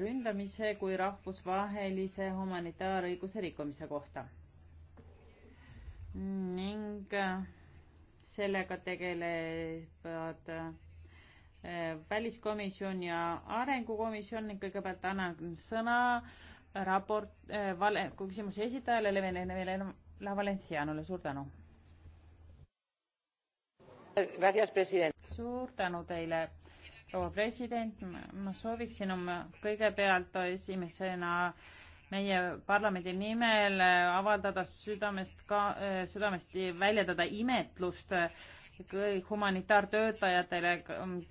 ründamise kui rahvusvahelise humanitaarõiguse rikkumise kohta. ning äh, sellega tegelevad äh, väliskomisjon ja arengukomisjon ning kõigepealt annan sõna raport äh,, vale, küsimuse esitajale Levenele Valencianole, suur tänu. suur tänu teile proua president, ma sooviksin oma kõigepealt esimesena meie parlamendi nimel avaldada südamest ka, südamest väljendada imetlust kõik humanitaartöötajatele,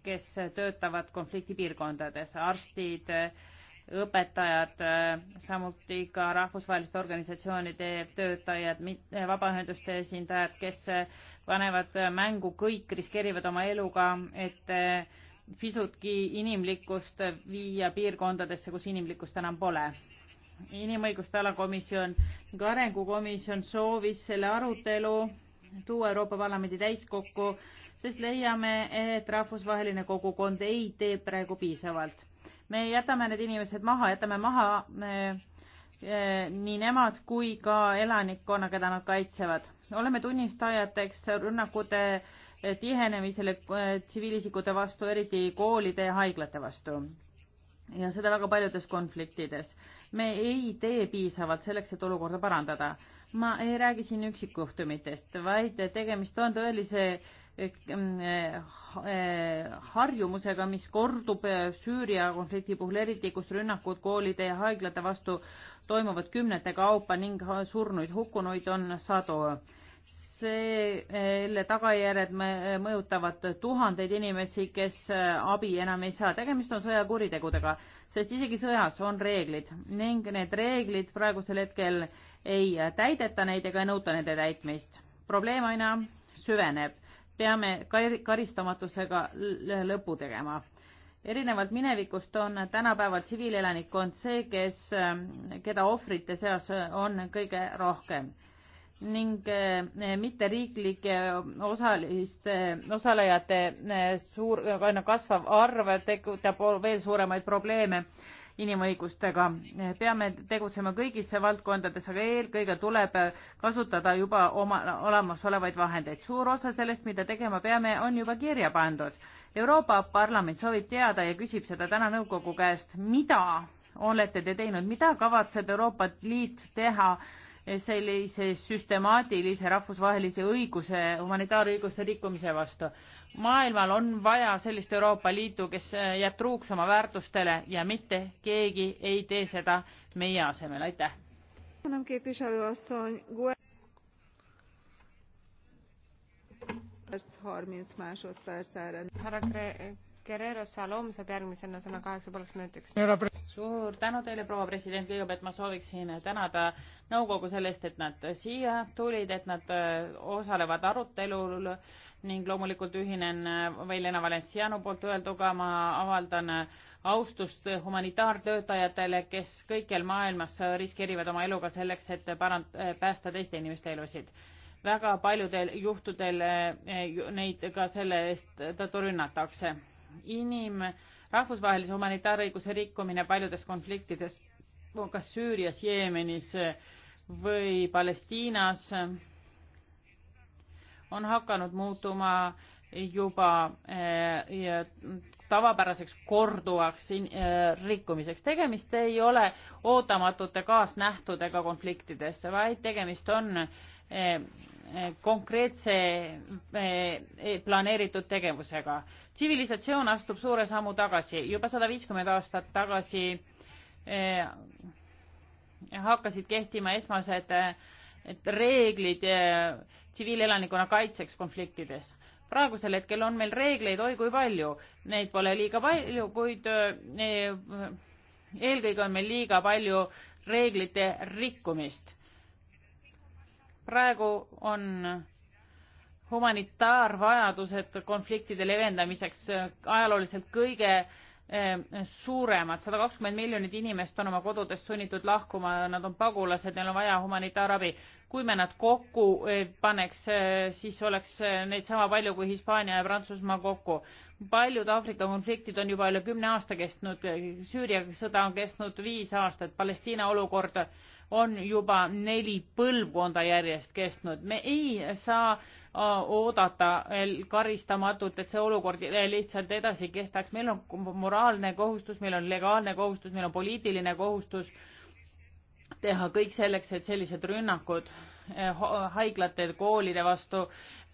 kes töötavad konfliktipiirkondades, arstid, õpetajad, samuti ka rahvusvaheliste organisatsioonide töötajad, vabaühenduste esindajad, kes panevad mängu kõik, riskeerivad oma eluga, et pisutki inimlikkust viia piirkondadesse, kus inimlikkust enam pole. inimõiguste alakomisjon ning arengukomisjon soovis selle arutelu tuua Euroopa Parlamendi täiskokku, sest leiame, et rahvusvaheline kogukond ei tee praegu piisavalt. me jätame need inimesed maha, jätame maha e, nii nemad kui ka elanikkonna, keda nad kaitsevad. oleme tunnistajateks rünnakute tihenemisele äh, tsiviilisikute vastu, eriti koolide ja haiglate vastu. ja seda väga paljudes konfliktides. me ei tee piisavalt selleks, et olukorda parandada. ma ei räägi siin üksikjuhtumitest, vaid tegemist on tõelise äh, äh, harjumusega, mis kordub Süüria konflikti puhul, eriti kus rünnakud koolide ja haiglate vastu toimuvad kümnete kaupa ning surnuid, hukkunuid on sadu selle tagajärjed mõjutavad tuhandeid inimesi, kes äh, abi enam ei saa. tegemist on sõjakuritegudega, sest isegi sõjas on reeglid ning need reeglid praegusel hetkel ei täideta neid ega ei nõuta nende täitmist. probleem aina süveneb, peame karistamatusega lõpu tegema erinevalt minevikust on tänapäeval tsiviilelanikkond see, kes, äh, keda ohvrite seas äh, on kõige rohkem ning eh, mitteriiklike osaliste, osalejate eh, suur, aina kasvav arv tekitab veel suuremaid probleeme inimõigustega. Eh, peame tegutsema kõigisse valdkondades, aga eelkõige tuleb kasutada juba oma olemasolevaid vahendeid. suur osa sellest, mida tegema peame, on juba kirja pandud. Euroopa Parlament soovib teada ja küsib seda täna nõukogu käest, mida olete te teinud, mida kavatseb Euroopa Liit teha sellise süstemaatilise rahvusvahelise õiguse, humanitaarõiguse rikkumise vastu. maailmal on vaja sellist Euroopa Liitu, kes äh, jääb truuks oma väärtustele ja mitte keegi ei tee seda meie asemel, aitäh. härra Kre-. Guerrero Salom saab järgmisena sõna kaheksa pooleks minutiks. suur tänu teile, proua president, kõigepealt ma sooviksin tänada nõukogu selle eest, et nad siia tulid, et nad äh, osalevad arutelul ning loomulikult ühinen äh, Velena Valenciano poolt öelduga, ma avaldan äh, austust humanitaartöötajatele, kes kõikjal maailmas riskeerivad oma eluga selleks, et parand-, päästa teiste inimeste elusid väga paljudel juhtudel neid ka selle eest tõttu rünnatakse inim-, rahvusvahelise humanitaarõiguse rikkumine paljudes konfliktides, kas Süürias, Jeemenis või Palestiinas, on hakanud muutuma juba eh, tavapäraseks korduvaks äh, rikkumiseks. tegemist ei ole ootamatute kaasnähtudega konfliktidesse, vaid tegemist on äh, äh, konkreetse e-, planeeritud tegevusega. tsivilisatsioon astub suure sammu tagasi, juba sada viiskümmend aastat tagasi hakkasid kehtima esmased reeglid tsiviilelanikkonna kaitseks konfliktides praegusel hetkel on meil reegleid oi kui palju, neid pole liiga palju, kuid eh, eelkõige on meil liiga palju reeglite rikkumist. praegu on humanitaarvajadused konfliktide leevendamiseks eh, ajalooliselt kõige eh, suuremad, sada kakskümmend miljonit inimest on oma kodudest sunnitud lahkuma, nad on pagulased, neil on vaja humanitaarabi kui me nad kokku eh, paneks, eh, siis oleks eh, neid sama palju kui Hispaania ja Prantsusmaa kokku. paljud Aafrika konfliktid on juba üle kümne aasta kestnud, Süüria sõda on kestnud viis aastat, Palestiina olukord on juba neli põlvkonda järjest kestnud. me ei saa oodata karistamatult, et see olukord lihtsalt edasi kestaks. meil on moraalne kohustus, meil on legaalne kohustus, meil on poliitiline kohustus teha kõik selleks, et sellised rünnakud eh, haiglate, koolide vastu,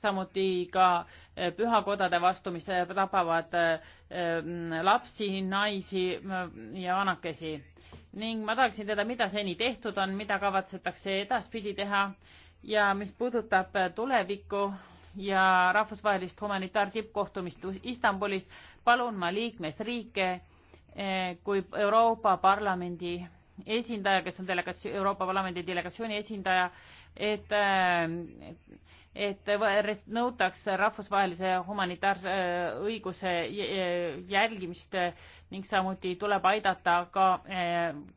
samuti ka eh, pühakodade vastu, mis eh, tapavad mm, lapsi, naisi mm, ja vanakesi. ning ma tahaksin teada, mida seni tehtud on, mida kavatsetakse edaspidi teha ja mis puudutab tulevikku ja rahvusvahelist humanitaartippkohtumist Istanbulis, palun ma liikmesriike kui Euroopa Parlamendi esindaja, kes on delegatsioon, Euroopa Parlamendi delegatsiooni esindaja, et, äh, et nõutaks rahvusvahelise humanitaarõiguse äh, äh, jälgimist ning samuti tuleb aidata ka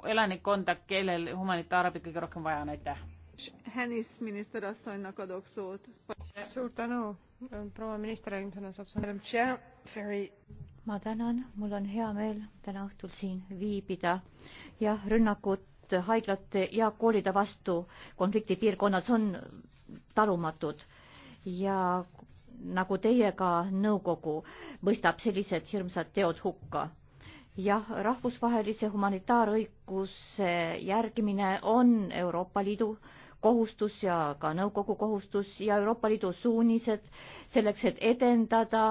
elanikkonda, kellel humanitaarabi kõige rohkem vaja on, aitäh. Hennis minister Assannak adok suud. suur tänu, proua minister, eelmisena saab sõna ma tänan, mul on hea meel täna õhtul siin viibida. jah, rünnakud haiglate ja koolide vastu konfliktipiirkonnad on talumatud ja nagu teie ka nõukogu mõistab sellised hirmsad teod hukka jah, rahvusvahelise humanitaarõiguse järgimine on Euroopa Liidu äh, kohustus ja ka nõukogu kohustus ja Euroopa Liidu suunised selleks, et edendada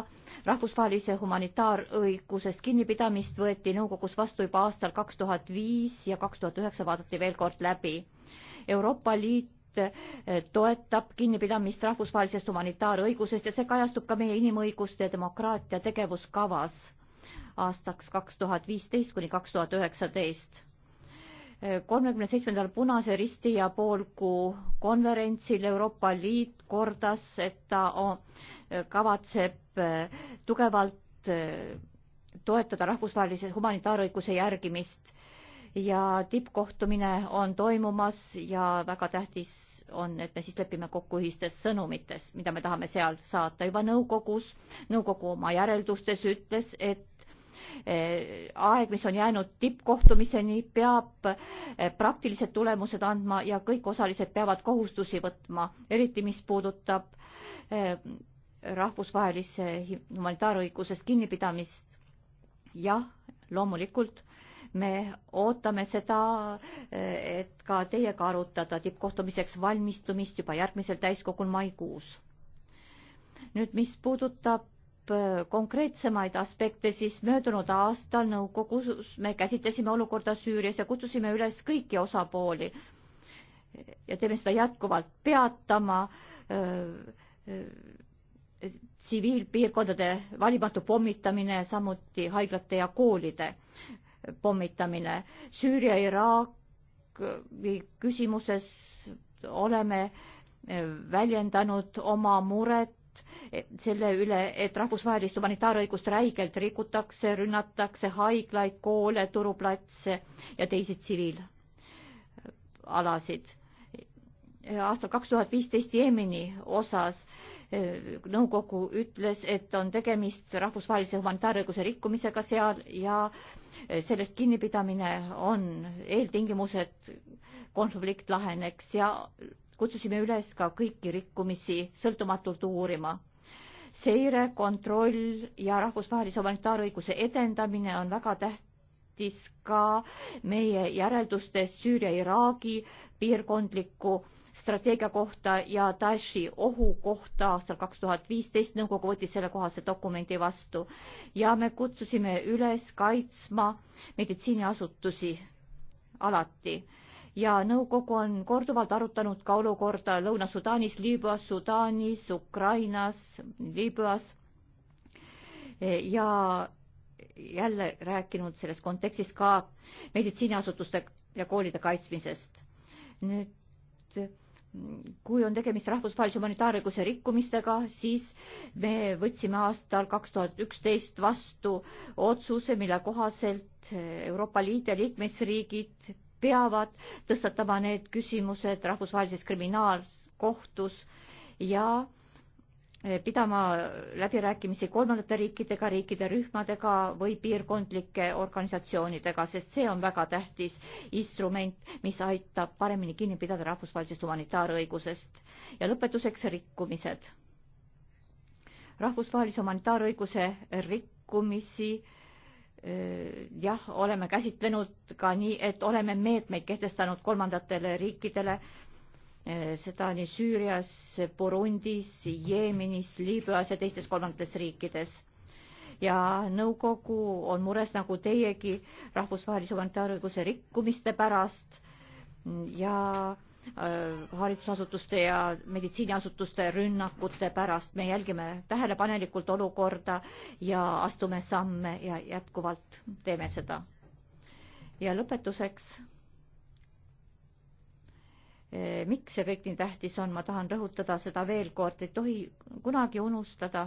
rahvusvahelise humanitaarõigusest kinnipidamist, võeti nõukogus vastu juba aastal kaks tuhat viis ja kaks tuhat üheksa vaadati veel kord läbi. Euroopa Liit eh, toetab kinnipidamist rahvusvahelisest humanitaarõigusest ja see kajastub ka meie inimõiguste ja demokraatia tegevuskavas aastaks kaks tuhat viisteist kuni kaks tuhat üheksateist kolmekümne seitsmendal Punase Risti ja Poolkuu konverentsil Euroopa Liit kordas, et ta kavatseb äh, tugevalt äh, toetada rahvusvahelise humanitaarõiguse järgimist ja tippkohtumine on toimumas ja väga tähtis on, et me siis lepime kokku ühistes sõnumites, mida me tahame seal saata. juba nõukogus, nõukogu oma järeldustes ütles, et Eh, aeg, mis on jäänud tippkohtumiseni, peab eh, praktilised tulemused andma ja kõik osalised peavad kohustusi võtma, eriti mis puudutab eh, rahvusvahelise humanitaarõigusest kinnipidamist. jah, loomulikult me ootame seda, et ka teiega arutada tippkohtumiseks valmistumist juba järgmisel täiskogul maikuus. nüüd, mis puudutab Äh, konkreetsemaid aspekte, siis möödunud aastal nõukogus me käsitlesime olukorda Süürias ja kutsusime üles kõiki osapooli ja teeme seda jätkuvalt peatama tsiviilpiirkondade äh, äh, valimatu pommitamine, samuti haiglate ja koolide pommitamine. Süüria, Iraagi küsimuses oleme äh, väljendanud oma muret selle üle, et rahvusvahelist humanitaarõigust räigelt rikutakse, rünnatakse haiglaid, koole, turuplatse ja teisi tsiviilalasid. aastal kaks tuhat viisteist Jeemeni osas eh, nõukogu ütles, et on tegemist rahvusvahelise humanitaarõiguse rikkumisega seal ja eh, sellest kinnipidamine on eeltingimus, et konflikt laheneks ja kutsusime üles ka kõiki rikkumisi sõltumatult uurima. seire, kontroll ja rahvusvahelise humanitaarõiguse edendamine on väga tähtis ka meie järeldustes Süüria-Iraagi piirkondliku strateegia kohta ja Daeshi ohu kohta aastal kaks tuhat viisteist nõukogu võttis sellekohase dokumendi vastu ja me kutsusime üles kaitsma meditsiiniasutusi alati ja nõukogu on korduvalt arutanud ka olukorda Lõuna-Sudaanis, Liibüas, Sudaanis, Ukrainas, Liibüas ja jälle rääkinud selles kontekstis ka meditsiiniasutuste ja koolide kaitsmisest. nüüd kui on tegemist rahvusvahelise humanitaarõiguse rikkumistega, siis me võtsime aastal kaks tuhat üksteist vastu otsuse, mille kohaselt Euroopa Liidu liikmesriigid peavad tõstatama need küsimused rahvusvahelises kriminaalkohtus ja eh, pidama läbirääkimisi kolmandate riikidega, riikide rühmadega või piirkondlike organisatsioonidega, sest see on väga tähtis instrument, mis aitab paremini kinni pidada rahvusvahelisest humanitaarõigusest. ja lõpetuseks rikkumised. rahvusvahelise humanitaarõiguse rikkumisi äh, jah, oleme käsitlenud ka nii, et oleme meetmeid kehtestanud kolmandatele riikidele, seda nii Süürias, Burundis, Jeemenis, Liibüas ja teistes kolmandates riikides. ja nõukogu on mures nagu teiegi rahvusvahelise humanitaarõiguse rikkumiste pärast ja äh, Äh, haridusasutuste ja meditsiiniasutuste rünnakute pärast. me jälgime tähelepanelikult olukorda ja astume samme ja jätkuvalt teeme seda. ja lõpetuseks. Äh, miks see kõik nii tähtis on, ma tahan rõhutada seda veel kord, ei tohi kunagi unustada,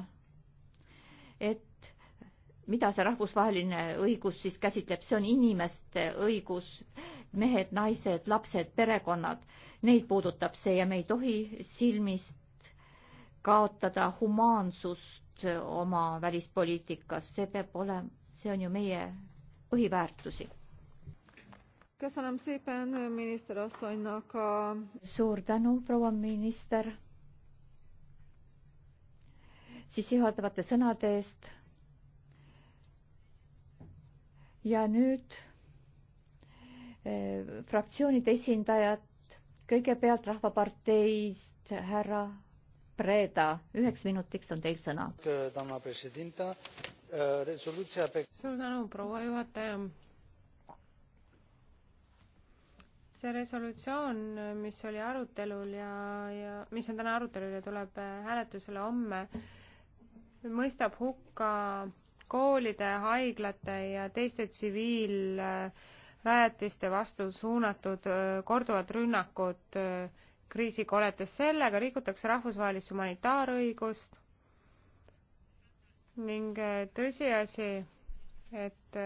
et mida see rahvusvaheline õigus siis käsitleb, see on inimeste õigus mehed, naised, lapsed, perekonnad, neid puudutab see ja me ei tohi silmist kaotada humaansust oma välispoliitikas, see peab olema, see on ju meie põhiväärtusi. suur tänu, proua minister, sissejuhatavate sõnade eest. ja nüüd Eh, fraktsioonide esindajad, kõigepealt Rahvaparteist härra Preda, üheks minutiks on teil sõna. Eh, suur tänu, proua juhataja. see resolutsioon, mis oli arutelul ja, ja mis on täna arutelul ja tuleb hääletusele homme, mõistab hukka koolide, haiglate ja teiste tsiviil äh, rajatiste vastu suunatud korduvad rünnakud kriisikoletes, sellega rikutakse rahvusvahelist humanitaarõigust ning tõsiasi, et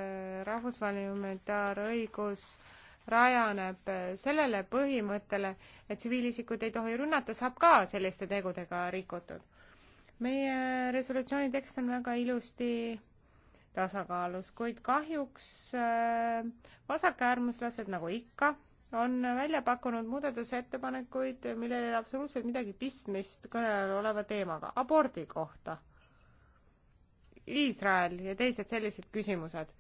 rahvusvaheline humanitaarõigus rajaneb sellele põhimõttele, et tsiviilisikuid ei tohi rünnata, saab ka selliste tegudega rikutud. meie resolutsiooni tekst on väga ilusti tasakaalus, kuid kahjuks äh, vasakäärmuslased, nagu ikka, on välja pakkunud muudatusettepanekuid, millel ei ole absoluutselt midagi pistmist kõnelejal oleva teemaga, abordi kohta. Iisrael ja teised sellised küsimused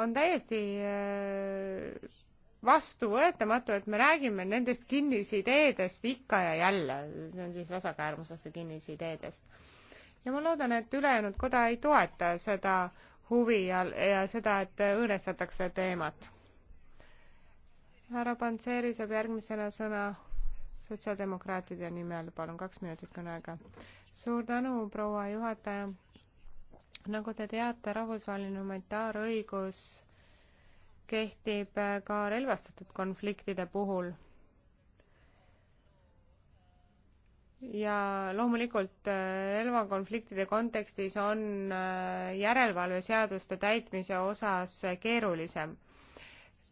on täiesti äh, vastuvõetamatu, et me räägime nendest kinnisideedest ikka ja jälle, see on siis vasakäärmuslaste kinnisideedest. ja ma loodan, et ülejäänud koda ei toeta seda huvi ja, ja seda, et õõnestatakse teemat. härra Panseri saab järgmisena sõna sotsiaaldemokraatide nimel, palun, kaks minutit kõneaega. suur tänu, proua juhataja. nagu te teate, rahvusvaheline humanitaarõigus kehtib ka relvastatud konfliktide puhul ja loomulikult äh, relvakonfliktide kontekstis on äh, järelevalve seaduste täitmise osas äh, keerulisem.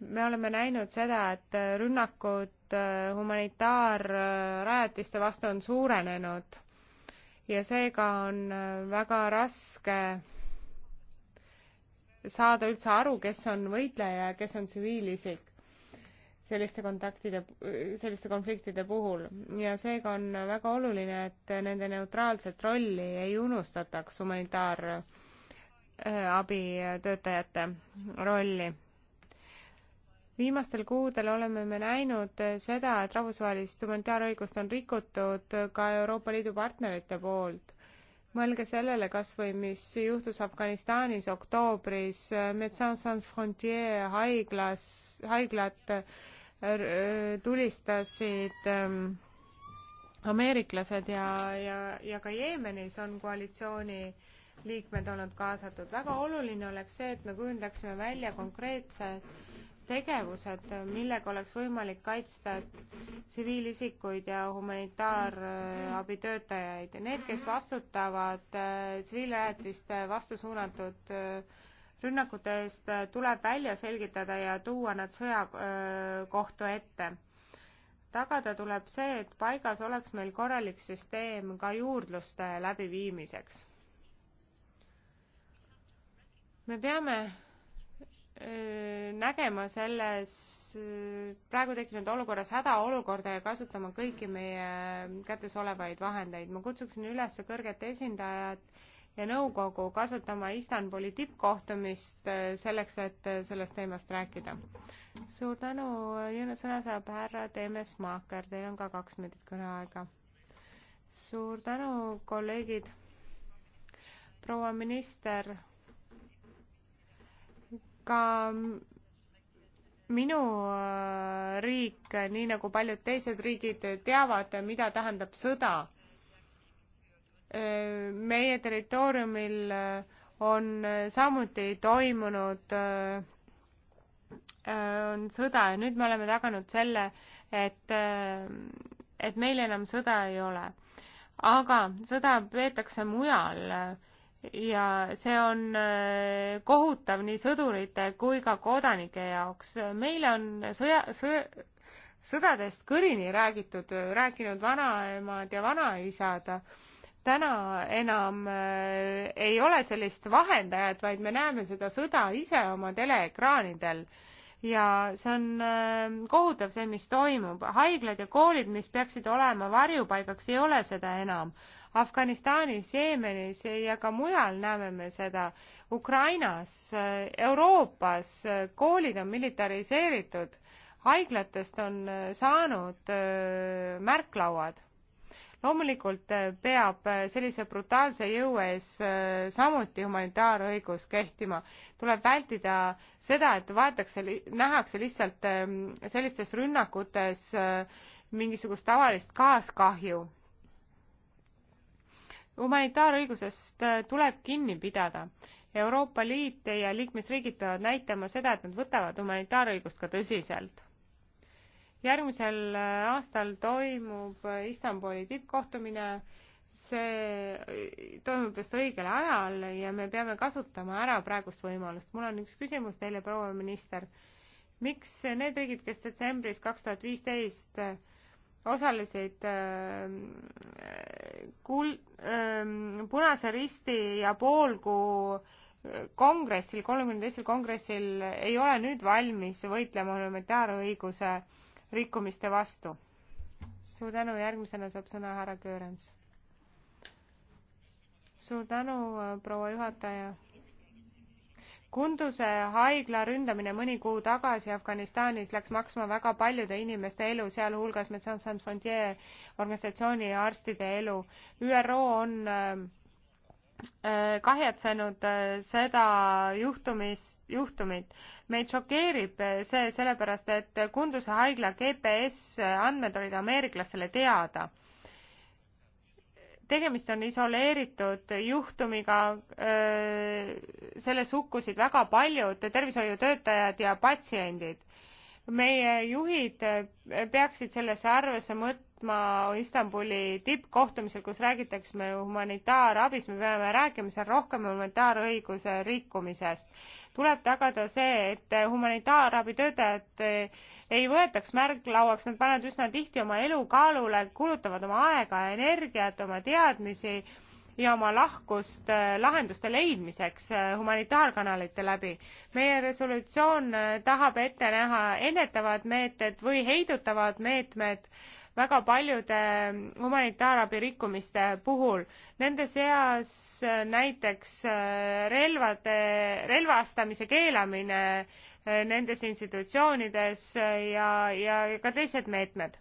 me oleme näinud seda, et rünnakud humanitaarrajatiste vastu on suurenenud ja seega on väga raske saada üldse aru, kes on võitleja ja kes on tsiviilisik selliste kontaktide, selliste konfliktide puhul ja seega on väga oluline, et nende neutraalset rolli ei unustataks humanitaarabitöötajate äh, rolli. viimastel kuudel oleme me näinud seda, et rahvusvahelist humanitaarõigust on rikutud ka Euroopa Liidu partnerite poolt mõelge sellele kas või, mis juhtus Afganistanis oktoobris, Médecins Sans Frontières haiglas, haiglat Äh, tulistasid ähm, ameeriklased ja, ja, ja ka Jeemenis on koalitsiooni liikmed olnud kaasatud. väga oluline oleks see, et me kujundaksime välja konkreetse tegevused, millega oleks võimalik kaitsta tsiviilisikuid ja humanitaarabitöötajaid. Need, kes vastutavad äh, tsiviilrajatiste vastu suunatud äh, rünnakute eest äh, tuleb välja selgitada ja tuua nad sõjakohtu äh, ette. tagada tuleb see, et paigas oleks meil korralik süsteem ka juurdluste läbiviimiseks. me peame äh, nägema selles praegu tekkinud olukorras hädaolukorda ja kasutama kõiki meie kätes olevaid vahendeid. ma kutsuksin üles kõrget esindajat ja nõukogu kasutama Istanbuli tippkohtumist äh, selleks, et äh, sellest teemast rääkida. suur tänu, Jüri, sõna saab härra Teemes Maaker, teil on ka kaks minutit kõneaega. suur tänu, kolleegid. proua minister, ka minu äh, riik, nii nagu paljud teised riigid, teavad, mida tähendab sõda meie territooriumil äh, on äh, samuti toimunud, äh, on sõda ja nüüd me oleme taganud selle, et, et meil enam sõda ei ole. aga sõda peetakse mujal ja see on kohutav nii sõdurite kui ka kodanike jaoks. meil on sõja, sõja, sõdadest kõrini räägitud, rääkinud vanaemad ja vanaisad täna enam äh, ei ole sellist vahendajat, vaid me näeme seda sõda ise oma teleekraanidel. ja see on äh, kohutav, see, mis toimub. haiglad ja koolid, mis peaksid olema varjupaigaks, ei ole seda enam. Afganistanis, Jeemenis ja ka mujal näeme me seda. Ukrainas äh,, Euroopas äh, koolid on militariseeritud, haiglatest on äh, saanud äh, märklauad loomulikult äh, peab äh, sellise brutaalse jõu ees äh, samuti humanitaarõigus kehtima. tuleb vältida seda, et vaadatakse, nähakse lihtsalt ähm, sellistes rünnakutes mingisugust tavalist kaaskahju. humanitaarõigusest tuleb kinni pidada. Euroopa Liit ja liikmesriigid peavad näitama seda, et nad võtavad humanitaarõigust ka tõsiselt järgmisel äh, aastal toimub äh, Istanbuli tippkohtumine, see äh, toimub just õigel ajal ja me peame kasutama ära praegust võimalust. mul on üks küsimus teile, proua minister. miks need riigid, kes detsembris kaks tuhat viisteist osalesid äh, kul- äh,, Punase Risti ja Poolkuu kongressil, kolmekümne teisel kongressil, ei ole nüüd valmis võitlema humanitaarõiguse äh, rikkumiste vastu. suur tänu, järgmisena saab sõna härra Köörens. suur tänu, äh, proua juhataja. Kunduse haigla ründamine mõni kuu tagasi Afganistanis läks maksma väga paljude inimeste elu, sealhulgas Metsan San Frontier organisatsiooni arstide elu. ÜRO on äh, Äh, kahetsenud äh, seda juhtumis, juhtumit. meid šokeerib äh, see sellepärast, et Kunduse haigla GPS andmed olid ameeriklastele teada. tegemist on isoleeritud juhtumiga, selles hukkusid väga paljud tervishoiutöötajad ja patsiendid. meie juhid peaksid sellesse arvesse mõt-, võtma Istanbuli tippkohtumisel, kus räägitakse me humanitaarabist, me peame rääkima seal rohkem humanitaarõiguse rikkumisest. tuleb tagada see, et humanitaarabi töötajad ei võetaks märglauaks, nad panevad üsna tihti oma elu kaalule, kulutavad oma aega ja energiat, oma teadmisi ja oma lahkust äh, lahenduste leidmiseks äh, humanitaarkanalite läbi. meie resolutsioon äh, tahab ette näha ennetavad meetmed või heidutavad meetmed väga paljude humanitaarabi rikkumiste puhul nende seas äh, näiteks äh, relvade relvastamise keelamine äh, nendes institutsioonides ja ja ka teised meetmed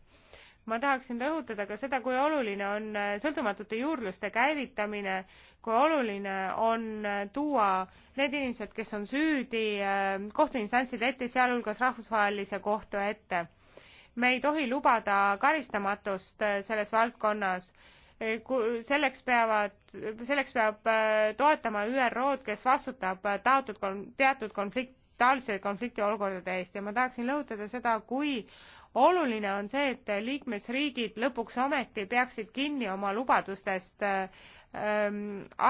ma tahaksin rõhutada ka seda, kui oluline on sõltumatute juurdluste käivitamine, kui oluline on tuua need inimesed, kes on süüdi, kohtuinstantside ette, sealhulgas rahvusvahelise kohtu ette me ei tohi lubada karistamatust äh, selles valdkonnas äh, selleks peavad, selleks peab äh, toetama ÜRO-d, kes vastutab taotud, teatud konflikt, taolise konflikti olukordade eest ja ma tahaksin rõhutada seda, kui oluline on see, et liikmesriigid lõpuks ometi peaksid kinni oma lubadustest ähm,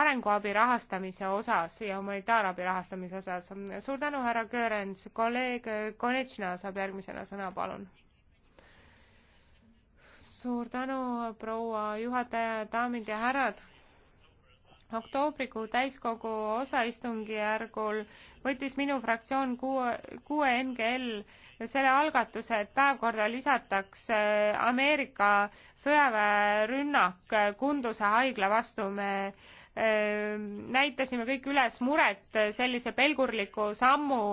arenguabi rahastamise osas ja humanitaarabi rahastamise osas. suur tänu, härra Köörens, kolleeg Konechna saab järgmisena sõna, palun suur tänu, proua juhataja, daamid ja härrad. oktoobrikuu täiskogu osaistungijärgul võttis minu fraktsioon kuue, kuue NGL selle algatuse, et päevkorda lisatakse Ameerika sõjaväerünnak Kunduse haigla vastu. me äh, näitasime kõik üles muret sellise pelgurliku sammu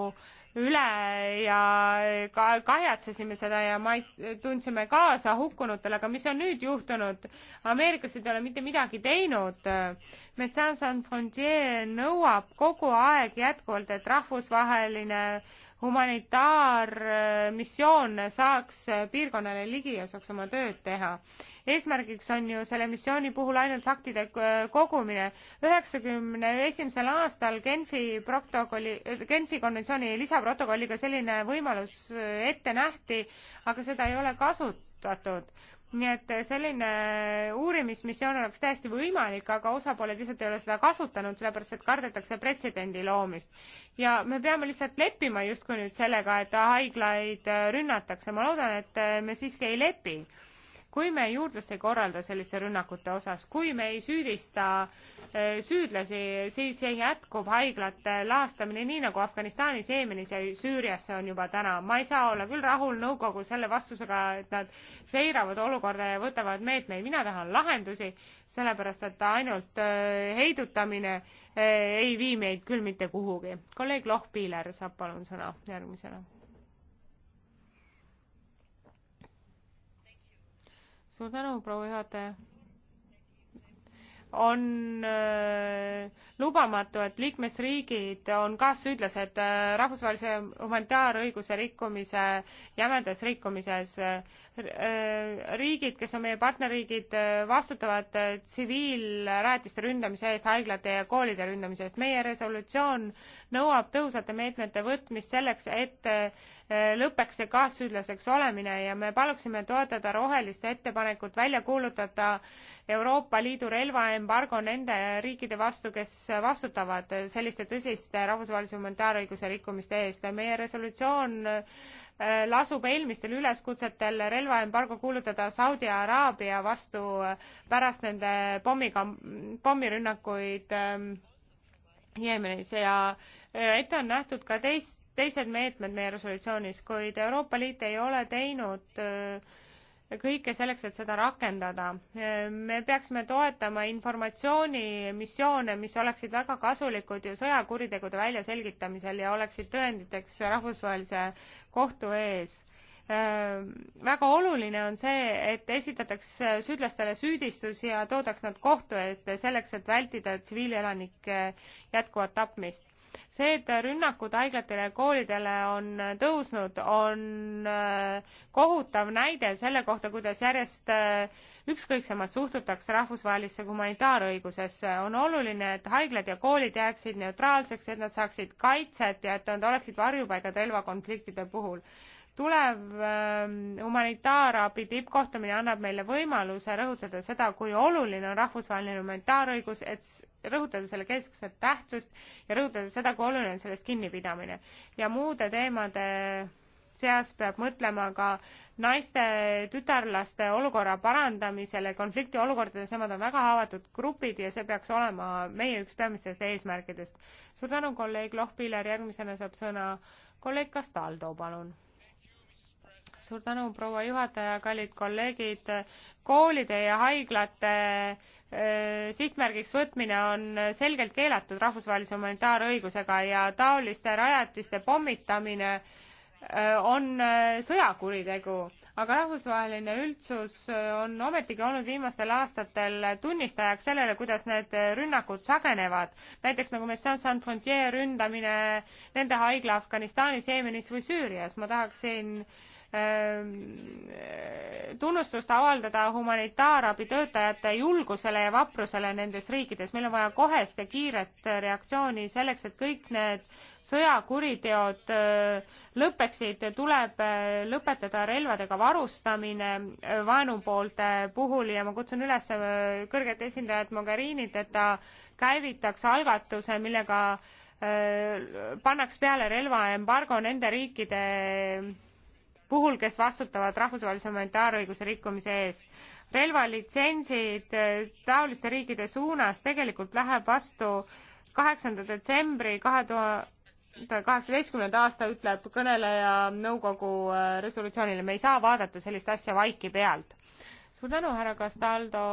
üle ja ka kahjatsesime seda ja ma tundsime kaasa hukkunutele, aga mis on nüüd juhtunud? ameeriklased ei ole mitte midagi teinud. Metsan San Frontier nõuab kogu aeg jätkuvalt, et rahvusvaheline äh, humanitaarmissioon saaks piirkonnale ligi ja saaks oma tööd teha. eesmärgiks on ju selle missiooni puhul ainult faktide kogumine. üheksakümne esimesel aastal Genfi protokolli, Genfi konventsiooni lisaprotokolliga selline võimalus ette nähti, aga seda ei ole kasutatud nii et eh, selline eh, uurimismissioon oleks täiesti võimalik, aga osapooled lihtsalt ei ole seda kasutanud, sellepärast et kardetakse pretsedendi loomist. ja me peame lihtsalt leppima justkui nüüd sellega, et haiglaid eh, rünnatakse, ma loodan, et me siiski ei lepi kui me juurdlust ei korralda selliste rünnakute osas, kui me ei süüdista eh, süüdlasi, siis jätkub haiglate laastamine, nii nagu Afganistanis, Jeemenis ja Süürias see on juba täna. ma ei saa olla küll rahul nõukogu selle vastusega, et nad seiravad olukorda ja võtavad meetmeid. mina tahan lahendusi, sellepärast et ainult eh, heidutamine eh, ei vii meid küll mitte kuhugi. kolleeg Lohpiiler saab palun sõna järgmisena suur tänu, proua juhataja. on äh, lubamatu, et liikmesriigid on kaassüüdlased äh, rahvusvahelise humanitaarõiguse rikkumise jämedas rikkumises. Äh, riigid, kes on meie partnerriigid, äh, vastutavad tsiviilrajatiste ründamise eest, haiglate ja koolide ründamise eest. meie resolutsioon nõuab tõhusate meetmete võtmist selleks, et lõpeks see kaassüüdlaseks olemine ja me paluksime toetada roheliste ettepanekut välja kuulutada Euroopa Liidu relvaembargo nende riikide vastu, kes vastutavad selliste tõsiste rahvusvahelise humanitaarõiguse rikkumiste eest. meie resolutsioon äh, lasub eelmistel üleskutsetel relvaembargo kuulutada Saudi Araabia vastu äh, pärast nende pommiga, pommirünnakuid ähm, Jeemenis ja äh, ette on nähtud ka teist, teised meetmed meie resolutsioonis, kuid Euroopa Liit ei ole teinud öö, kõike selleks, et seda rakendada. me peaksime toetama informatsioonimissioone, mis oleksid väga kasulikud ju sõjakuritegude väljaselgitamisel ja oleksid tõenditeks rahvusvahelise kohtu ees. väga oluline on see, et esitataks süüdlastele süüdistus ja toodaks nad kohtu ette selleks, et vältida tsiviilelanike jätkuvat tapmist see, et rünnakud haiglatele ja koolidele on tõusnud, on äh, kohutav näide selle kohta, kuidas järjest äh, ükskõiksemalt suhtutakse rahvusvahelisse humanitaarõigusesse. on oluline, et haiglad ja koolid jääksid neutraalseks, et nad saaksid kaitset ja et nad oleksid varjupaigad relvakonfliktide puhul tulev ähm, humanitaarabi tippkohtumine annab meile võimaluse rõhutada seda, kui oluline on rahvusvaheline humanitaarõigus, et rõhutada selle keskset tähtsust ja rõhutada seda, kui oluline on sellest kinnipidamine. ja muude teemade seas peab mõtlema ka naiste, tütarlaste olukorra parandamisele, konfliktiolukordades, nemad on väga haavatud grupid ja see peaks olema meie üks peamistest eesmärkidest. suur tänu, kolleeg Lohpiller, järgmisena saab sõna kolleeg Castaldo, palun suur tänu, proua juhataja, kallid kolleegid. koolide ja haiglate äh, sihtmärgiks võtmine on selgelt keelatud rahvusvahelise humanitaarõigusega ja taoliste rajatiste pommitamine äh, on äh, sõjakuritegu, aga rahvusvaheline üldsus on ometigi olnud viimastel aastatel tunnistajaks sellele, kuidas need rünnakud sagenevad. näiteks nagu Metsan San Frontier ründamine, nende haigla Afganistanis, Jeemenis või Süürias. ma tahaksin äh, Ehm, eh, tunnustust avaldada humanitaarabitöötajate julgusele ja vaprusele nendes riikides. meil on vaja kohest ja kiiret reaktsiooni selleks, et kõik need sõjakuriteod eh, lõpeksid, tuleb eh, lõpetada relvadega varustamine vaenupoolte puhul ja ma kutsun üles kõrget esindajat Mogherinit, et ta käivitaks algatuse, millega pannakse peale relvaembargo nende riikide puhul, kes vastutavad rahvusvahelise humanitaarõiguse rikkumise eest. relvalitsentsid eh, taoliste riikide suunas tegelikult läheb vastu kaheksanda detsembri kahe tuhande kaheksateistkümnenda aasta ütleb kõneleja nõukogu eh, resolutsioonile, me ei saa vaadata sellist asja vaiki pealt. suur tänu, härra Castaldo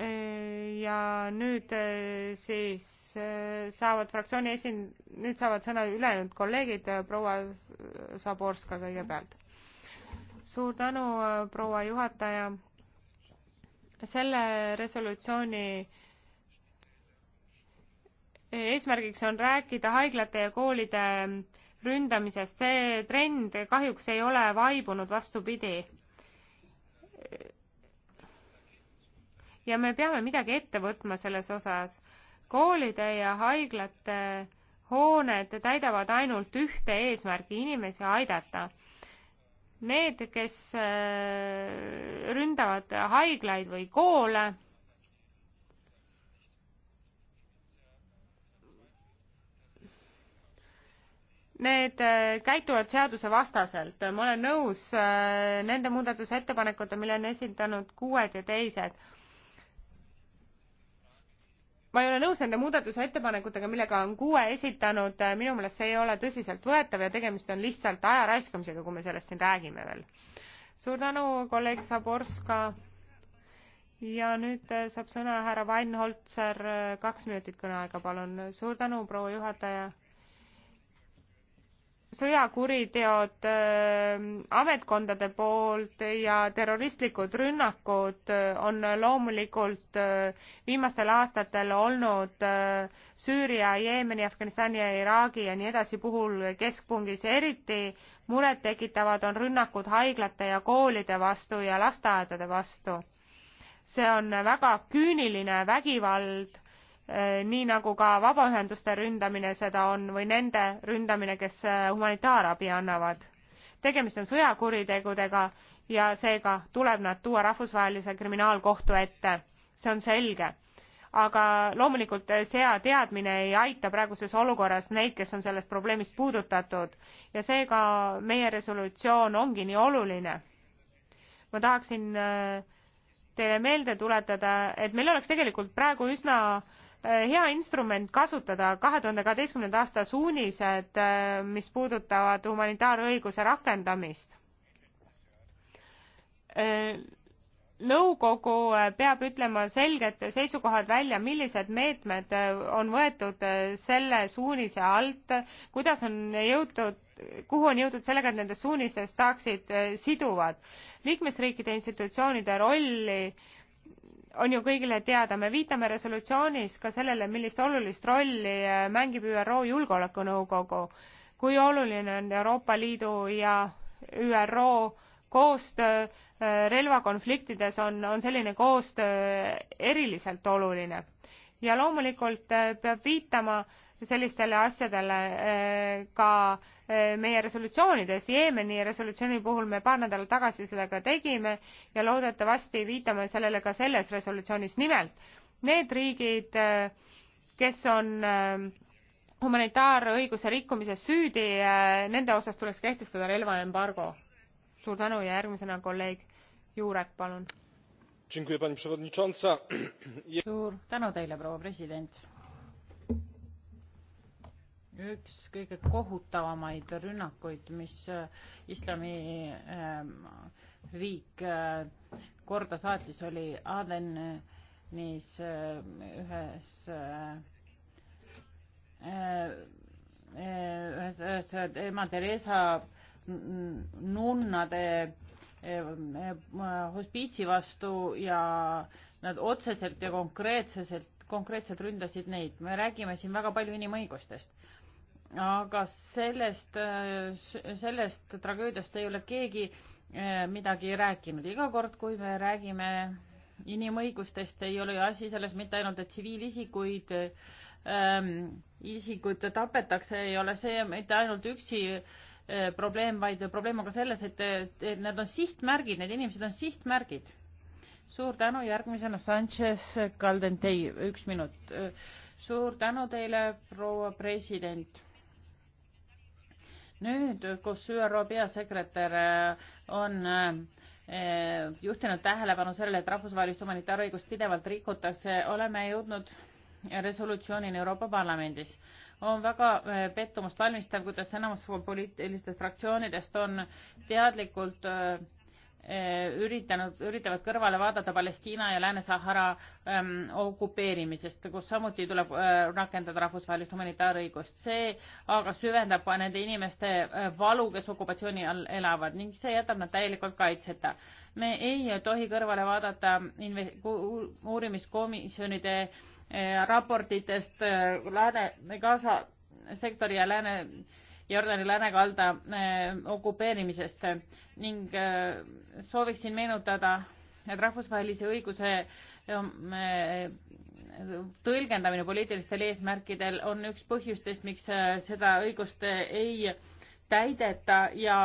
Äh, ja nüüd äh, siis äh, saavad fraktsiooni esin-, nüüd saavad sõna ülejäänud kolleegid, proua Saborska kõigepealt. suur tänu, proua juhataja. selle resolutsiooni eesmärgiks on rääkida haiglate ja koolide ründamisest. see trend kahjuks ei ole vaibunud, vastupidi ja me peame midagi ette võtma selles osas. koolide ja haiglate hooned täidavad ainult ühte eesmärki, inimesi aidata. Need, kes äh, ründavad haiglaid või koole, need äh, käituvad seadusevastaselt. ma olen nõus äh, nende muudatusettepanekute, mille on esitanud kuued ja teised ma ei ole nõus nende muudatusettepanekutega, millega on kuue esitanud, minu meelest see ei ole tõsiseltvõetav ja tegemist on lihtsalt aja raiskamisega, kui me sellest siin räägime veel. suur tänu, kolleeg Saborska. ja nüüd äh, saab sõna härra Weinholzer, äh, kaks minutit kõneaega, palun. suur tänu, proua juhataja sõjakuriteod äh, ametkondade poolt ja terroristlikud rünnakud äh, on loomulikult äh, viimastel aastatel olnud Süüria, Jeemeni, Afganistani ja Iraagi ja nii edasi puhul keskpungis ja eriti murettekitavad on rünnakud haiglate ja koolide vastu ja lasteaedade vastu. see on väga küüniline vägivald Äh, nii nagu ka vabaühenduste ründamine seda on või nende ründamine, kes äh, humanitaarabi annavad. tegemist on sõjakuritegudega ja seega tuleb nad tuua Rahvusvahelise Kriminaalkohtu ette, see on selge. aga loomulikult äh, see teadmine ei aita praeguses olukorras neid, kes on sellest probleemist puudutatud ja seega meie resolutsioon ongi nii oluline. ma tahaksin teile meelde tuletada, et meil oleks tegelikult praegu üsna äh, Eh, hea instrument kasutada kahe tuhande kaheteistkümnenda aasta suunised, eh, mis puudutavad humanitaarõiguse rakendamist. Eh, nõukogu peab ütlema selged seisukohad välja, millised meetmed on võetud selle suunise alt, kuidas on jõutud kuhu on jõudnud sellega, et nendest suunistest saaksid siduvad. liikmesriikide institutsioonide rolli äh, on ju kõigile teada, me viitame resolutsioonis ka sellele, millist olulist rolli äh, mängib ÜRO Julgeolekunõukogu, kui oluline on Euroopa Liidu ja ÜRO koostöö äh, relvakonfliktides on, on selline koostöö eriliselt oluline. ja loomulikult äh, peab viitama äh, sellistele asjadele eh, ka eh, meie resolutsioonides. Jeemeni resolutsiooni puhul me paar nädalat tagasi seda ka tegime ja loodetavasti viitame sellele ka selles resolutsioonis. nimelt need riigid, eh, kes on humanitaarõiguse rikkumises süüdi, nende osas tuleks kehtestada relvaembargo. suur tänu ja järgmisena kolleeg Juurek, palun. suur tänu teile, proua president üks kõige kohutavamaid rünnakuid, mis äh, islami äh, riik äh, korda saatis, oli Adenis ühes ühes, ühes ema Theresa nunnade hospiitsi vastu ja nad otseselt ja konkreetseselt konkreetselt ründasid neid. me räägime siin väga palju inimõigustest, aga sellest, äh, sellest tragöödiast ei ole keegi äh, midagi rääkinud. iga kord, kui me räägime inimõigustest, ei ole asi selles mitte ainult, et tsiviilisikuid ähm,, isikud tapetakse, ei ole see mitte ainult üksi äh, probleem, vaid probleem on ka selles, et, et, et nad on sihtmärgid, need inimesed on sihtmärgid. suur tänu, järgmisena Sanchez Caldentei, üks minut. suur tänu teile, proua president nüüd, kus ÜRO peasekretär äh, on äh, juhtinud tähelepanu sellele, et rahvusvahelist humanitaarõigust pidevalt rikutakse, oleme jõudnud resolutsioonini Euroopa Parlamendis. on väga äh, pettumust valmistav, kuidas enamus poliitilistest fraktsioonidest on teadlikult äh, Eh, üritanud, üritavad kõrvale vaadata Palestiina ja Lääne-Sahara ähm, okupeerimisest, kus samuti tuleb äh, rakendada rahvusvahelist humanitaarõigust. see aga süvendab ka nende inimeste äh, valu, kes okupatsiooni all elavad ning see jätab nad täielikult kaitseta. me ei tohi kõrvale vaadata inve-, uurimiskomisjonide äh, raportitest äh, Lääne, Gaza sektori ja Lääne äh, Jordani läänekalda eh, okupeerimisest ning eh, sooviksin meenutada, et rahvusvahelise õiguse eh, tõlgendamine poliitilistel eesmärkidel on üks põhjustest, miks seda õigust ei täideta ja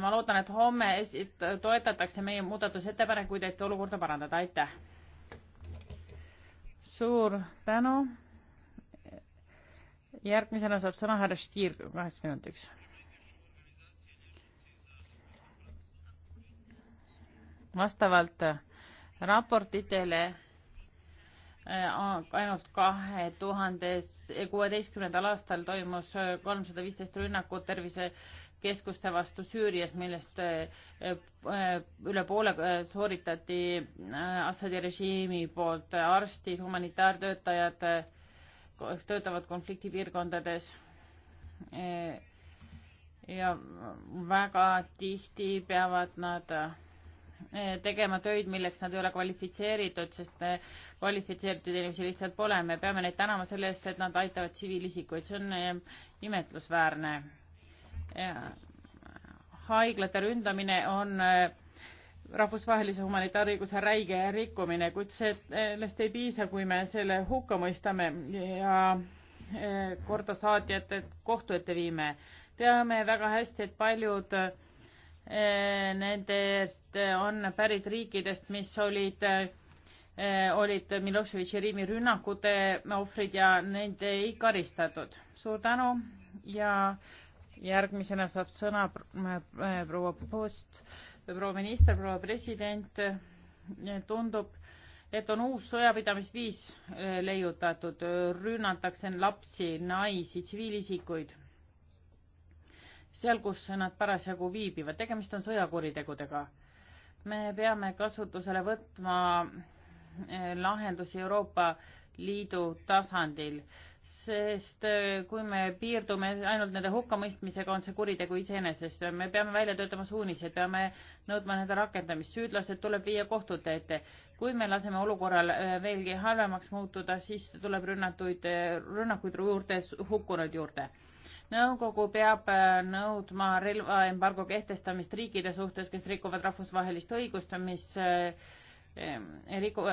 ma loodan, et homme esit-, toetatakse meie muudatusettepanekuid, et olukorda parandada, aitäh! suur tänu! järgmisena saab sõna härra Stier kaheks minutiks. vastavalt raportitele äh, ainult kahe tuhandes kuueteistkümnendal aastal toimus äh, kolmsada viisteist rünnakut tervisekeskuste vastu Süürias, millest äh, üle poole sooritati Assadi režiimi poolt arstid, humanitaartöötajad kes töötavad konfliktipiirkondades. ja väga tihti peavad nad eh, tegema töid, milleks nad ei ole kvalifitseeritud, sest eh, kvalifitseeritud inimesi lihtsalt pole. me peame neid tänama selle eest, et nad aitavad tsiviilisikuid, see on eh, imetlusväärne. haiglate ründamine on äh, rahvusvahelise humanitaarõiguse räige rikkumine, kuid eh, sellest ei piisa, kui me selle hukka mõistame ja eh, kordasaatjad kohtu ette viime. teame väga hästi, et paljud eh, nendest on pärit riikidest, mis olid, olid Miloševitši riimi rünnakute ohvrid ja neid ei karistatud. suur tänu ja järgmisena saab sõna äh, äh, proua Post, proua minister, proua president. tundub, et on uus sõjapidamisviis äh, leiutatud, rünnatakse lapsi, naisi, tsiviilisikuid seal, kus nad parasjagu viibivad. tegemist on sõjakuritegudega. me peame kasutusele võtma lahendusi Euroopa Liidu tasandil sest äh, kui me piirdume ainult nende hukkamõistmisega, on see kuritegu iseenesest. me peame välja töötama suuniseid, peame nõudma nende rakendamist, süüdlased tuleb viia kohtute ette. kui me laseme olukorral äh, veelgi halvemaks muutuda, siis tuleb rünnatuid, äh, rünnakuid juurde, hukkunuid juurde nõukogu peab nõudma relvaembargo kehtestamist riikide suhtes, kes rikuvad rahvusvahelist õigust, mis riku-,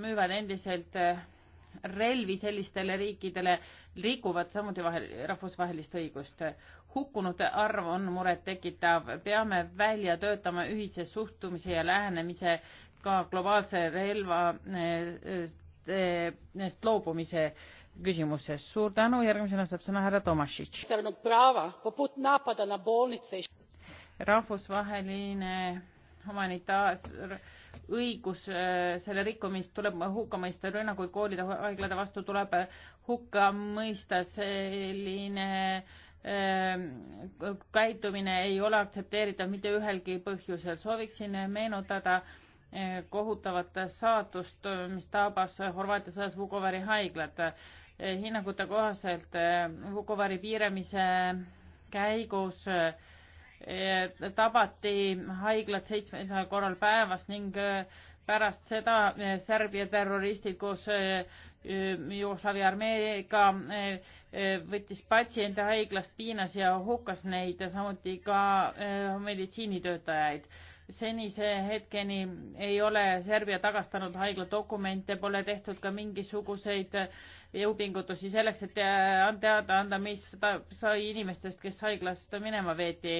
müüvad endiselt relvi sellistele riikidele, rikuvad samuti vahel, rahvusvahelist õigust. hukkunute arv on murettekitav, peame välja töötama ühise suhtumise ja lähenemise ka globaalse relva neist eh, eh, loobumise küsimuses. suur tänu, järgmisena saab sõna härra Tomašitš. rahvusvaheline humanitaar- õigus äh, selle rikkumist tuleb hukka mõista, rünnakuid koolide, haiglate vastu tuleb äh, hukka mõista, selline äh, käitumine ei ole aktsepteeritav mitte ühelgi põhjusel. sooviksin meenutada kohutavat saatust, mis tabas Horvaatia sõjas Vukovari haiglat. hinnangute kohaselt Vukovari piiramise käigus äh, tabati haiglat seitsmesaja korral päevas ning äh, pärast seda äh, Serbia terroristid koos äh, Jugoslaavia armeega võttis patsiente haiglast, piinas ja hukkas neid, samuti ka meditsiinitöötajaid. senise hetkeni ei ole Serbia tagastanud haigla dokumente, pole tehtud ka mingisuguseid jõupingutusi selleks, et on teada anda, mis sai inimestest, kes haiglast minema veeti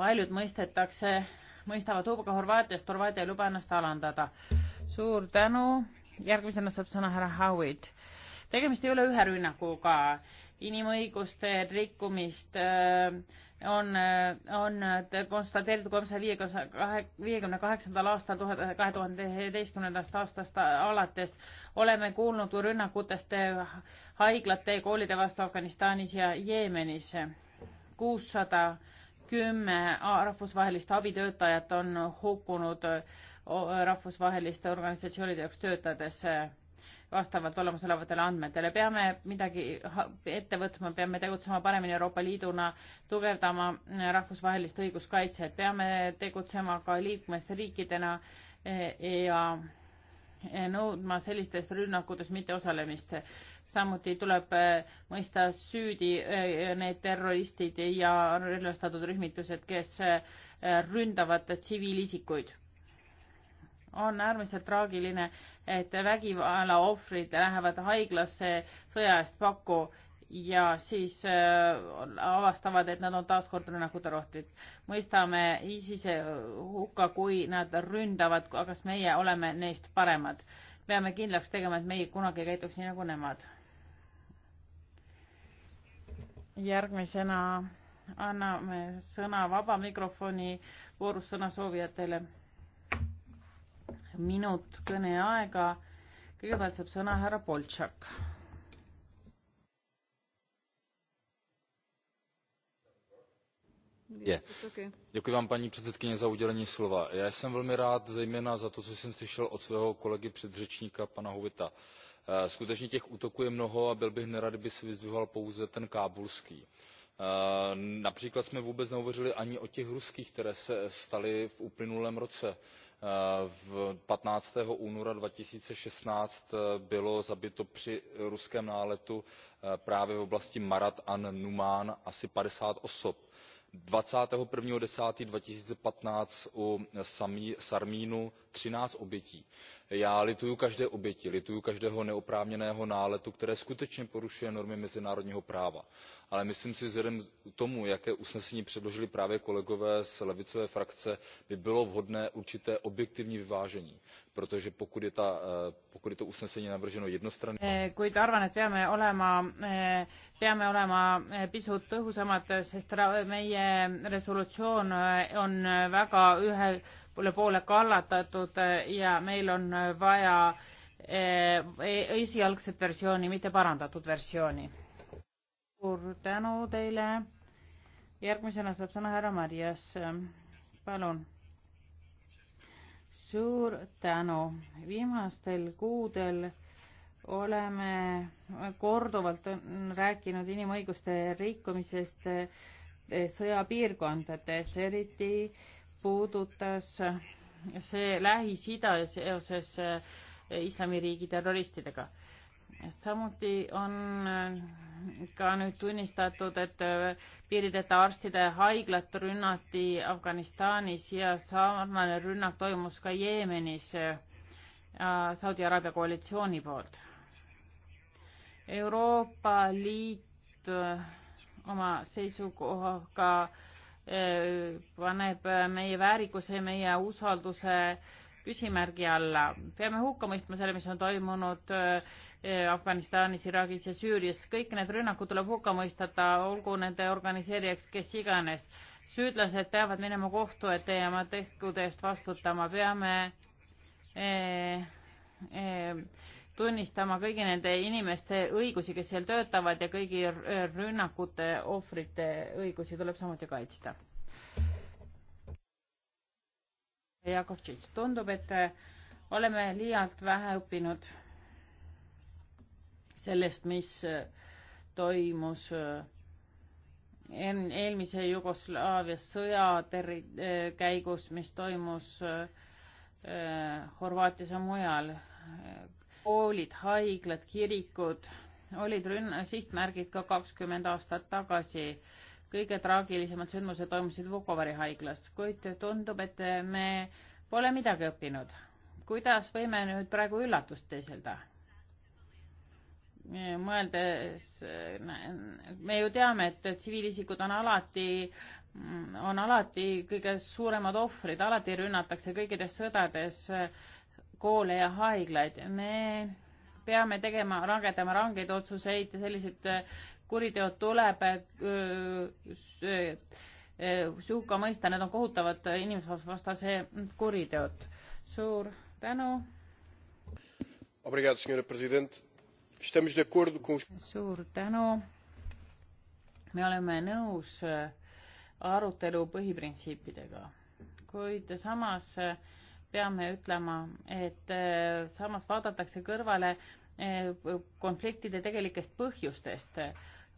paljud mõistetakse, mõistavad hukka Horvaatiast, Horvaatia ei luba ennast alandada. suur tänu, järgmisena saab sõna härra Howitt. tegemist ei ole ühe rünnakuga, inimõiguste rikkumist äh, on, äh, on äh, konstateeritud kolmesaja viiekümne kahe, viiekümne kaheksandal aastal tuhande, kahe tuhande üheteistkümnendast aastast alates oleme kuulnud rünnakutest haiglate ja koolide vastu Afganistanis ja Jeemenis. kuussada 600 kümme rahvusvahelist abitöötajat on hukkunud rahvusvaheliste organisatsioonide jaoks töötades eh, vastavalt olemasolevatele andmetele. peame midagi ette võtma, peame tegutsema paremini Euroopa Liiduna, tugevdama eh, rahvusvahelist õiguskaitset, peame tegutsema ka liikmesriikidena eh, ja e e nõudma sellistest rünnakutest mitteosalemist. samuti tuleb äh, mõista süüdi äh, need terroristid ja relvastatud rühmitused, kes äh, ründavad tsiviilisikuid. on äärmiselt traagiline, et vägivalla ohvrid lähevad haiglasse sõja eest pakku ja siis äh, avastavad, et nad on taaskord rünnakuterohtid. mõistame ISISe hukka, kui nad ründavad, kas meie oleme neist paremad. peame kindlaks tegema, et meie kunagi ei käituks nii nagu nemad. järgmisena anname sõna vaba mikrofoni voorus sõnasoovijatele. minut kõneaega. kõigepealt saab sõna härra Boltšak paní předsedající já jsem velmi rád zejména za to co jsem slyšel od svého kolegy předřečníka pana howitta. Eh, skutečně těch útoků je mnoho a byl bych nerad kdyby se vyzdvihoval pouze ten kábulský. Eh, například jsme vůbec nehovořili ani o těch ruských které se staly v uplynulém roce. fifteen eh, února two thousand and sixteen bylo zabito při ruském náletu právě v oblasti marat an numán asi fifty osob twenty one. ten two thousand and fifteen u sarmínu thirteen obětí. já lituji každé oběti lituji každého neoprávněného náletu který skutečně porušuje normy mezinárodního práva ale myslím si že vzhledem k tomu jaké usnesení předložili právě kolegové z levicové frakce by bylo vhodné určité objektivní vyvážení protože pokud je eh, to usnesení navrženo jednostranně. Eh, kuid arvan et peame olema eh, peame olema pisut tõhusamad sest meie resolutsioon on väga ühele poole kallatatud ja meil on vaja e-, esialgset versiooni mitte parandatud versiooni suur tänu teile. järgmisena saab sõna härra Marjas. palun. suur tänu. viimastel kuudel oleme korduvalt rääkinud inimõiguste rikkumisest eh, sõjapiirkondades, eriti puudutas see Lähis-Ida seoses eh, islamiriigi terroristidega samuti on äh, ka nüüd tunnistatud, et äh, piirideta arstide haiglat rünnati Afganistanis ja sarnane rünnak toimus ka Jeemenis äh, Saudi Araabia koalitsiooni poolt. Euroopa Liit oma seisukohaga paneb meie väärikuse, meie usalduse äh, küsimärgi alla. peame hukka mõistma selle, mis on toimunud eh, Afganistanis, Iraagis ja Süürias. kõik need rünnakud tuleb hukka mõistata, olgu nende organiseerijaks kes iganes. süüdlased peavad minema kohtu ette ja oma tehkude eest vastutama. peame eh, eh, tunnistama kõigi nende inimeste õigusi, kes seal töötavad ja kõigi rünnakute ohvrite õigusi tuleb samuti kaitsta Jakovtšitš, tundub, et äh, oleme liialt vähe õppinud sellest, mis äh, toimus äh, eelmise Jugoslaavia sõja terri-, käigus, mis toimus Horvaatias ja mujal. koolid, haiglad, kirikud olid rünn-, sihtmärgid ka kakskümmend aastat tagasi kõige traagilisemad sündmused toimusid Vukovari haiglas, kuid tundub, et me pole midagi õppinud. kuidas võime nüüd praegu üllatust teeselda? mõeldes, me ju teame, et tsiviilisikud on alati, on alati kõige suuremad ohvrid, alati rünnatakse kõikides sõdades koole ja haiglaid. me peame tegema, langetama rangeid otsuseid ja selliseid kuriteod tuleb hukka mõista, need on kohutavad inimsusvastase kuriteod. suur tänu. suur tänu. me oleme nõus arutelu põhiprintsiipidega, kuid samas peame ütlema, et samas vaadatakse kõrvale konfliktide tegelikest põhjustest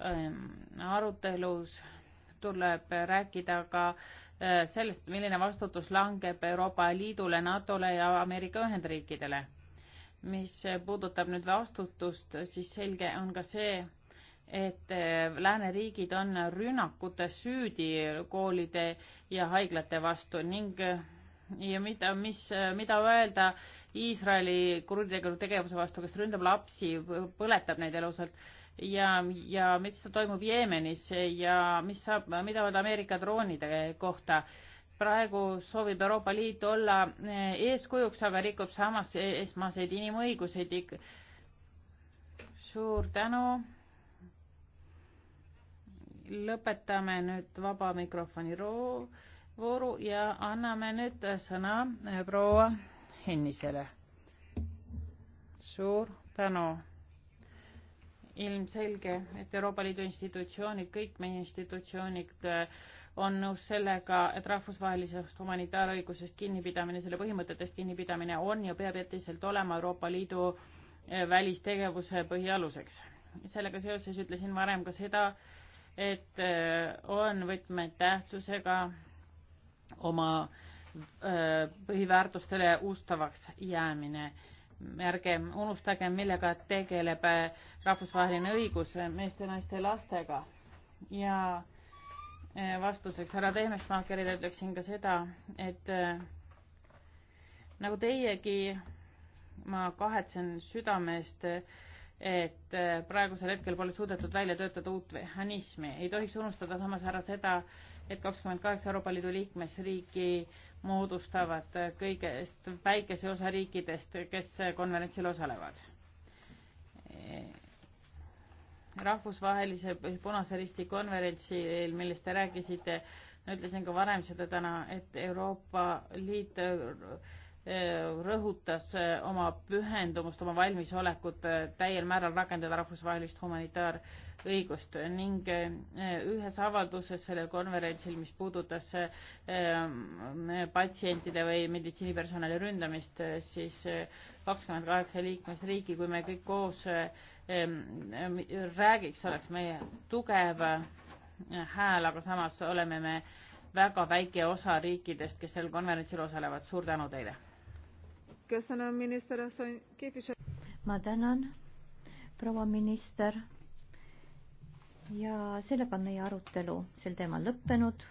Ähm, arutelus tuleb rääkida ka äh, sellest, milline vastutus langeb Euroopa Liidule, NATO-le ja Ameerika Ühendriikidele. mis puudutab nüüd vastutust, siis selge on ka see, et äh, lääneriigid on rünnakutes süüdi koolide ja haiglate vastu ning äh, ja mida, mis, mida öelda Iisraeli kuritegeliku tegevuse vastu, kes ründab lapsi, põletab neid elusalt ja, ja mis toimub Jeemenis ja mis saab, mida on Ameerika droonide kohta. praegu soovib Euroopa Liit olla eh, eeskujuks, aga rikub samas esmaseid inimõiguseid ik-. suur tänu. lõpetame nüüd vaba mikrofoni roo-, vooru ja anname nüüd sõna eh, proua Hennisele. suur tänu ilmselge, et Euroopa Liidu institutsioonid, kõik meie institutsioonid äh, on nõus sellega, et rahvusvahelisest humanitaarõigusest kinnipidamine, selle põhimõtetest kinnipidamine on ja peab jätkuvalt olema Euroopa Liidu äh, välistegevuse põhialuseks. sellega seoses ütlesin varem ka seda, et äh, on võtmetähtsusega oma põhiväärtustele ustavaks jäämine ärgem unustagem, millega tegeleb äh, rahvusvaheline õigus äh, meeste, naiste, lastega. ja äh, vastuseks härra Teemesmaakerile ütleksin ka seda, et nagu teiegi, ma kahetsen südamest, et praegusel hetkel pole suudetud välja töötada uut mehhanismi. ei tohiks unustada samas ära seda, et kakskümmend kaheksa Euroopa Liidu liikmesriiki moodustavad kõigest väikese osa riikidest, kes konverentsil osalevad. rahvusvahelise Punase Risti konverentsil, millest te rääkisite, ma ütlesin ka varem seda täna, et Euroopa Liit rõhutas oma pühendumust, oma valmisolekut täiel määral rakendada rahvusvahelist humanitaar- õigust ning eh, ühes avalduses sellel konverentsil, mis puudutas eh, patsientide või meditsiinipersonali ründamist, eh, siis kakskümmend kaheksa liikmesriiki, kui me kõik koos räägiks, oleks meie tugev hääl, aga samas oleme me väga väike osa riikidest, kes sel konverentsil osalevad. suur tänu teile! ma tänan, proua minister ja sellega on meie arutelu sel teemal lõppenud.